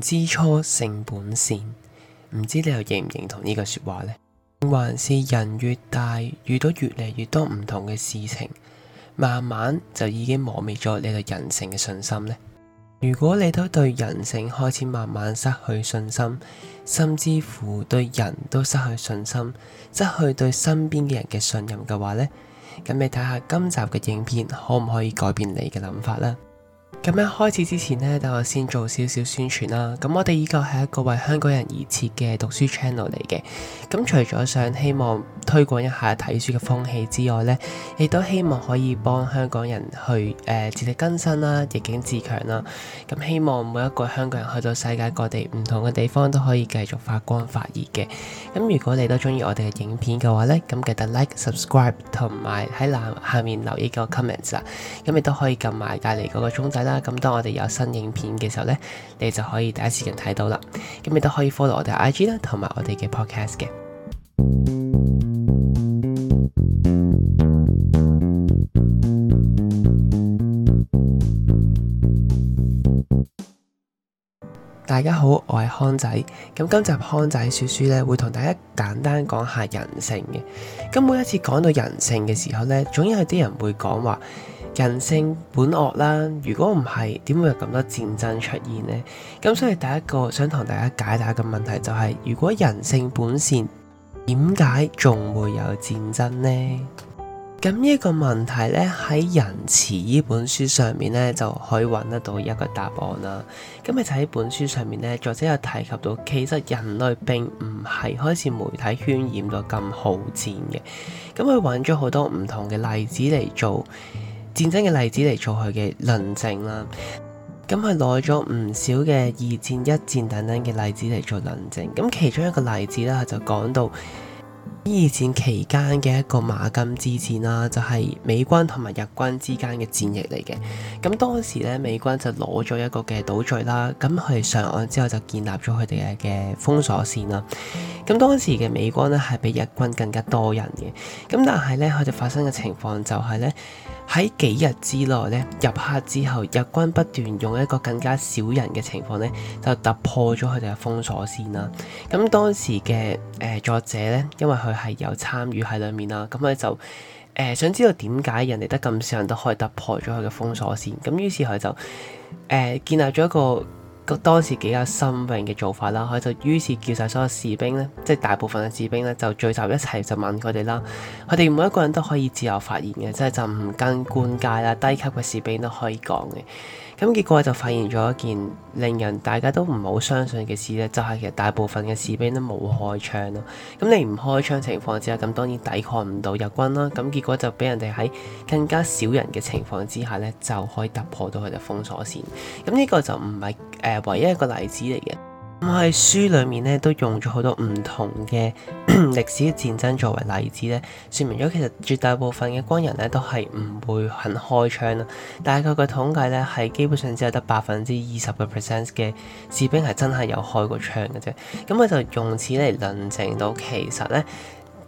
之初性本善，唔知你又認唔認同呢句說話呢？還是人越大遇到越嚟越多唔同嘅事情，慢慢就已經磨滅咗你對人性嘅信心呢？如果你都對人性開始慢慢失去信心，甚至乎對人都失去信心，失去對身邊嘅人嘅信任嘅話呢，咁你睇下今集嘅影片可唔可以改變你嘅諗法呢？咁樣開始之前呢，等我先做少少宣傳啦。咁我哋依個係一個為香港人而設嘅讀書 channel 嚟嘅。咁除咗想希望推廣一下睇書嘅風氣之外呢，亦都希望可以幫香港人去誒、呃、自力更生啦、逆境自強啦。咁希望每一個香港人去到世界各地唔同嘅地方都可以繼續發光發熱嘅。咁如果你都中意我哋嘅影片嘅話呢，咁記得 like、subscribe 同埋喺下面留意個 comments 啊。咁你都可以撳埋隔離嗰個鐘仔。啦，咁當我哋有新影片嘅時候咧，你就可以第一時間睇到啦。咁你都可以 follow 我哋 IG 啦，同埋我哋嘅 podcast 嘅。 大家好，我係康仔，咁今集康仔說書咧會同大家簡單講下人性嘅。咁每一次講到人性嘅時候咧，總有啲人會講話人性本惡啦。如果唔係，點會有咁多戰爭出現呢？咁所以第一個想同大家解答嘅問題就係，如果人性本善，點解仲會有戰爭呢？咁呢一個問題咧，喺《人慈》呢本書上面咧，就可以揾得到一個答案啦。咁咪就喺本書上面咧，作者有提及到，其實人類並唔係開始媒體渲染到咁好戰嘅。咁佢揾咗好多唔同嘅例子嚟做戰爭嘅例子嚟做佢嘅論證啦。咁佢攞咗唔少嘅二戰、一戰等等嘅例子嚟做論證。咁其中一個例子咧，就講到。二戰期間嘅一個馬金之戰啦，就係美軍同埋日軍之間嘅戰役嚟嘅。咁當時咧，美軍就攞咗一個嘅島嶼啦，咁佢哋上岸之後就建立咗佢哋嘅嘅封鎖線啦。咁當時嘅美軍咧係比日軍更加多人嘅。咁但係咧，佢哋發生嘅情況就係咧。喺幾日之內咧，入黑之後，日軍不斷用一個更加少人嘅情況咧，就突破咗佢哋嘅封鎖線啦。咁當時嘅誒作者咧，因為佢係有參與喺裏面啦，咁咧就誒想知道點解人哋得咁少人都可以突破咗佢嘅封鎖線？咁於是佢就誒建立咗一個。個當時幾有新穎嘅做法啦，佢就於是叫晒所有士兵咧，即係大部分嘅士兵咧，就聚集一齊就問佢哋啦。佢哋每一個人都可以自由發言嘅，即係就唔跟官階啦，低級嘅士兵都可以講嘅。咁結果就發現咗一件令人大家都唔好相信嘅事呢就係，其實大部分嘅士兵都冇開槍咯。咁你唔開槍情況之下，咁當然抵抗唔到日軍啦。咁結果就俾人哋喺更加少人嘅情況之下呢，就可以突破到佢哋封鎖線。咁呢個就唔係，呃，唯一一個例子嚟嘅。咁喺書裏面咧，都用咗好多唔同嘅歷 史嘅戰爭作為例子咧，說明咗其實絕大部分嘅軍人咧都係唔會肯開槍啦。大概嘅統計咧係基本上只有得百分之二十嘅 percent 嘅士兵係真係有開過槍嘅啫。咁佢就用此嚟論證到，其實咧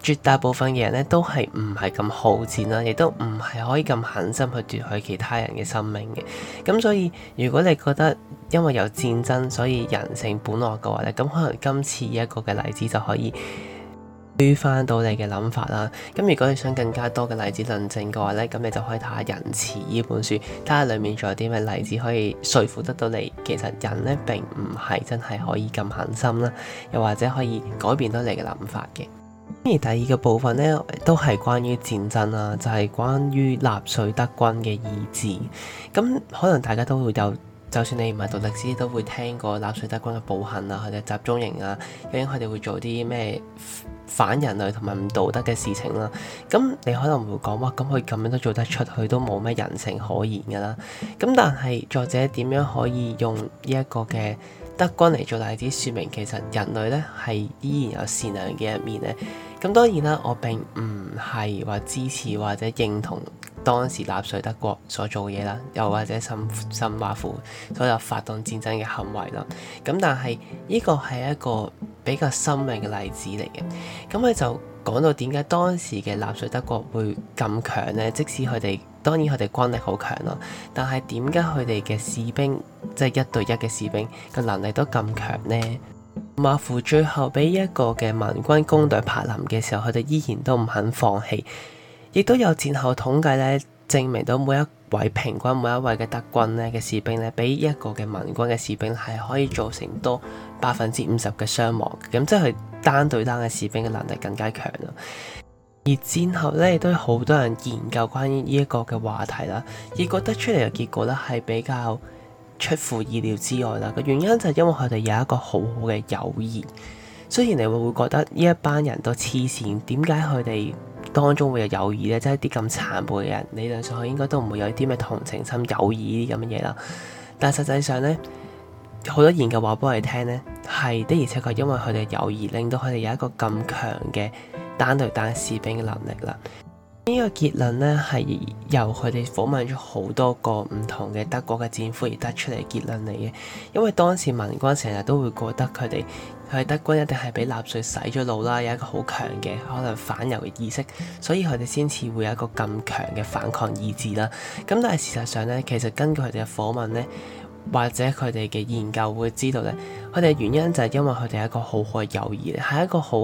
絕大部分嘅人咧都係唔係咁好戰啦，亦都唔係可以咁狠心去奪取其他人嘅生命嘅。咁所以如果你覺得，因為有戰爭，所以人性本惡嘅話咧，咁可能今次一個嘅例子就可以推翻到你嘅諗法啦。咁如果你想更加多嘅例子論證嘅話咧，咁你就可以睇下《人慈》呢本書，睇下裡面仲有啲咩例子可以説服得到你。其實人咧並唔係真係可以咁狠心啦，又或者可以改變到你嘅諗法嘅。 而第二個部分呢，都係關於戰爭啦、啊，就係、是、關於納粹德軍嘅意志。咁可能大家都會有。就算你唔係讀歷史，都會聽過納粹德軍嘅暴行啊，或者集中營啊，因為佢哋會做啲咩反人類同埋唔道德嘅事情啦。咁你可能會講哇，咁佢咁樣都做得出去，都冇乜人性可言㗎啦。咁但係作者點樣可以用呢一個嘅？德軍嚟做例子說，説明其實人類咧係依然有善良嘅一面咧。咁當然啦，我並唔係話支持或者認同當時納粹德國所做嘢啦，又或者甚甚至乎，所有發動戰爭嘅行為啦。咁但係呢個係一個比較鮮明嘅例子嚟嘅。咁佢就。講到點解當時嘅納粹德國會咁強呢？即使佢哋，當然佢哋軍力好強咯，但係點解佢哋嘅士兵即係、就是、一對一嘅士兵嘅能力都咁強呢？馬乎最後俾一個嘅民軍攻隊柏林嘅時候，佢哋依然都唔肯放棄，亦都有戰後統計呢，證明到每一位，平均每一位嘅德軍呢嘅士兵呢，俾一個嘅民軍嘅士兵係可以造成多百分之五十嘅傷亡。咁即係。單對單嘅士兵嘅能力更加強啦，而戰後咧亦都好多人研究關於呢一個嘅話題啦，而覺得出嚟嘅結果咧係比較出乎意料之外啦。個原因就係因為佢哋有一個好好嘅友誼，雖然你會會覺得呢一班人都黐線，點解佢哋當中會有友誼呢？即係啲咁殘暴嘅人，理論上佢應該都唔會有啲咩同情心、友誼呢啲咁嘅嘢啦，但係實際上呢。好多研究話俾我哋聽呢，係的而且確因為佢哋嘅友誼，令到佢哋有一個咁強嘅單對單士兵嘅能力啦。呢個結論呢，係由佢哋訪問咗好多個唔同嘅德國嘅戰俘而得出嚟結論嚟嘅。因為當時盟軍成日都會覺得佢哋，佢德軍一定係俾納粹洗咗腦啦，有一個好強嘅可能反猶嘅意識，所以佢哋先至會有一個咁強嘅反抗意志啦。咁但係事實上呢，其實根據佢哋嘅訪問呢。或者佢哋嘅研究會知道咧，佢哋嘅原因就係因為佢哋係一個好好嘅友誼，係一個好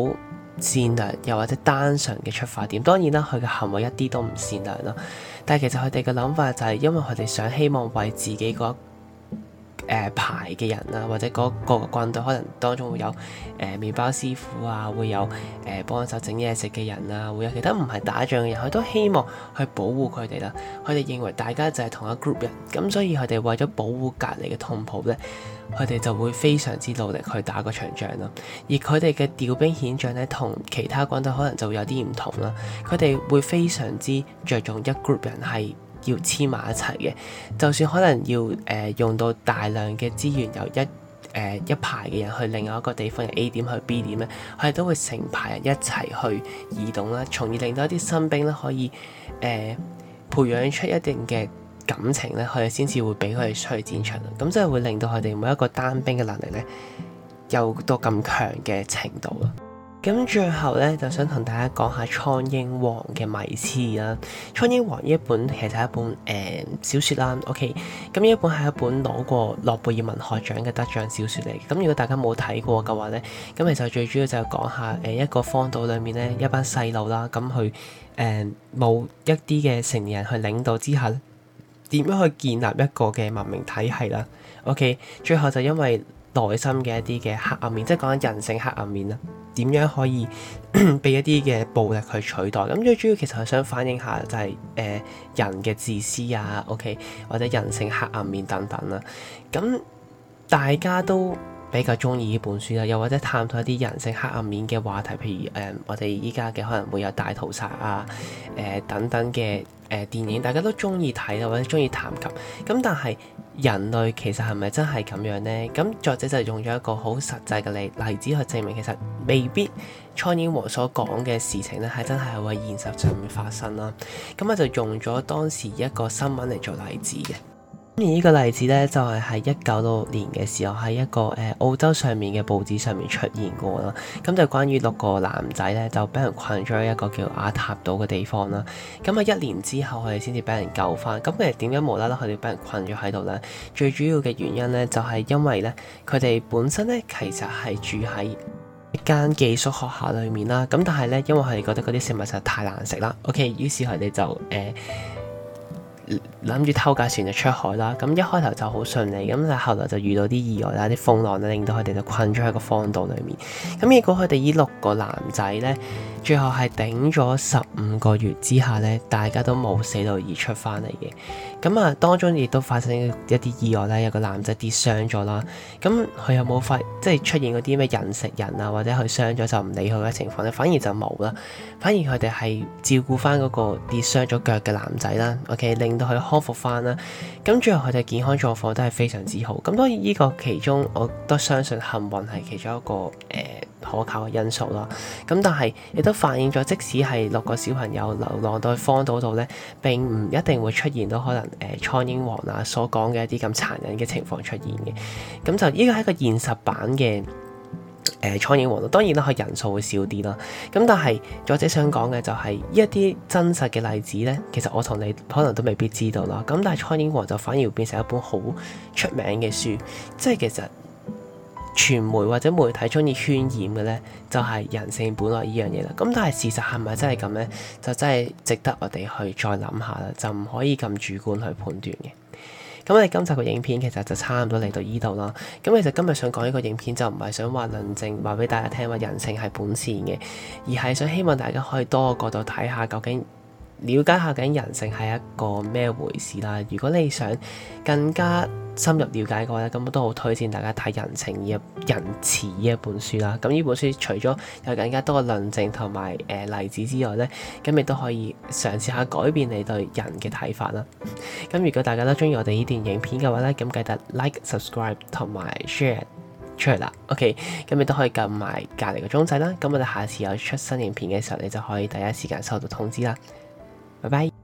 善良又或者單純嘅出發點。當然啦，佢嘅行為一啲都唔善良啦，但係其實佢哋嘅諗法就係因為佢哋想希望為自己個誒、呃、排嘅人啊，或者嗰、那個軍隊可能當中會有誒、呃、麵包師傅啊，會有誒、呃、幫手整嘢食嘅人啊，會有其他唔係打仗嘅人，佢都希望去保護佢哋啦。佢哋認為大家就係同一 group 人，咁所以佢哋為咗保護隔離嘅同胞呢，佢哋就會非常之努力去打個場仗啦。而佢哋嘅調兵遣將呢，同其他軍隊可能就有啲唔同啦。佢哋會非常之着重一 group 人係，要黐埋一齊嘅，就算可能要誒、呃、用到大量嘅資源，由一誒、呃、一排嘅人去另外一個地方嘅 A 點去 B 點咧，佢哋都會成排人一齊去移動啦，從而令到一啲新兵咧可以誒、呃、培養出一定嘅感情咧，佢哋先至會俾佢哋出去戰場。咁即係會令到佢哋每一個單兵嘅能力咧，有到咁強嘅程度啦。咁最後咧，就想同大家講下蒼英《蒼蠅王》嘅迷思啦，《蒼蠅王》呢一本其實係一本誒、嗯、小説啦。OK，咁呢一本係一本攞過諾貝爾文學獎嘅得獎小説嚟。咁如果大家冇睇過嘅話咧，咁其實就最主要就講下誒一個荒島裏面咧一班細路啦，咁佢誒冇一啲嘅成年人去領導之下，點樣去建立一個嘅文明體系啦。OK，最後就因為內心嘅一啲嘅黑暗面，即係講緊人性黑暗面啦。點樣可以 畀一啲嘅暴力去取代？咁最主要其實係想反映下就係、是、誒、呃、人嘅自私啊，OK 或者人性黑暗面等等啦。咁大家都比較中意呢本書啦，又或者探討一啲人性黑暗面嘅話題，譬如誒、呃、我哋依家嘅可能會有大屠殺啊，誒、呃、等等嘅。誒、呃、電影大家都中意睇啦，或者中意談及咁，但係人類其實係咪真係咁樣呢？咁作者就用咗一個好實際嘅例例子去證明，其實未必 c o y 和所講嘅事情咧，係真係喎，現實上面發生啦。咁啊就用咗當時一個新聞嚟做例子嘅。今年呢個例子咧，就係喺一九六年嘅時候，喺一個誒、呃、澳洲上面嘅報紙上面出現過啦。咁就關於六個男仔咧，就俾人困咗喺一個叫阿塔島嘅地方啦。咁啊一年之後，佢哋先至俾人救翻。咁其實點解無啦啦佢哋俾人困咗喺度咧？最主要嘅原因咧，就係、是、因為咧，佢哋本身咧其實係住喺一間寄宿學校裏面啦。咁但係咧，因為佢哋覺得嗰啲食物實在太難食啦。OK，於是佢哋就誒、呃諗住偷架船就出海啦，咁一開頭就好順利，咁但後來就遇到啲意外啦，啲風浪咧令到佢哋就困咗喺個荒島裏面，咁結果佢哋呢六個男仔咧。嗯最後係頂咗十五個月之下咧，大家都冇死到而出翻嚟嘅。咁啊，當中亦都發生一啲意外啦，有個男仔跌傷咗啦。咁佢有冇發即係出現嗰啲咩人食人啊，或者佢傷咗就唔理佢嘅情況咧？反而就冇啦，反而佢哋係照顧翻嗰個跌傷咗腳嘅男仔啦。OK，令到佢康復翻啦。咁最後佢哋健康狀況都係非常之好。咁當然，呢個其中，我都相信幸運係其中一個誒。呃可靠嘅因素咯，咁但係亦都反映咗，即使係六個小朋友流浪到去荒島度咧，並唔一定會出現到可能誒、呃《蒼蠅王》啊所講嘅一啲咁殘忍嘅情況出現嘅。咁、嗯、就依個係一個現實版嘅誒、呃《蒼蠅王》咯。當然啦，佢人數會少啲咯。咁但係作者想講嘅就係呢一啲真實嘅例子咧，其實我同你可能都未必知道啦。咁但係《蒼蠅王》就反而變成一本好出名嘅書，即係其實。傳媒或者媒體中意渲染嘅呢，就係、是、人性本惡呢樣嘢啦。咁但係事實係咪真係咁呢？就真係值得我哋去再諗下啦，就唔可以咁主觀去判斷嘅。咁我哋今集嘅影片其實就差唔多嚟到依度啦。咁、嗯、其實今日想講呢個影片就唔係想話論證話俾大家聽話人性係本善嘅，而係想希望大家可以多個角度睇下究竟，了解下究竟人性係一個咩回事啦。如果你想更加，深入了解嘅話咧，咁我都好推薦大家睇《人情》呢一《人慈》呢一本書啦。咁呢本書除咗有更加多嘅論證同埋誒例子之外咧，咁亦都可以嘗試下改變你對人嘅睇法啦。咁如果大家都中意我哋呢段影片嘅話咧，咁記得 Like、Subscribe 同埋 Share 出嚟啦。OK，咁你都可以撳埋隔離個鐘仔啦。咁我哋下次有出新影片嘅時候，你就可以第一時間收到通知啦。拜拜。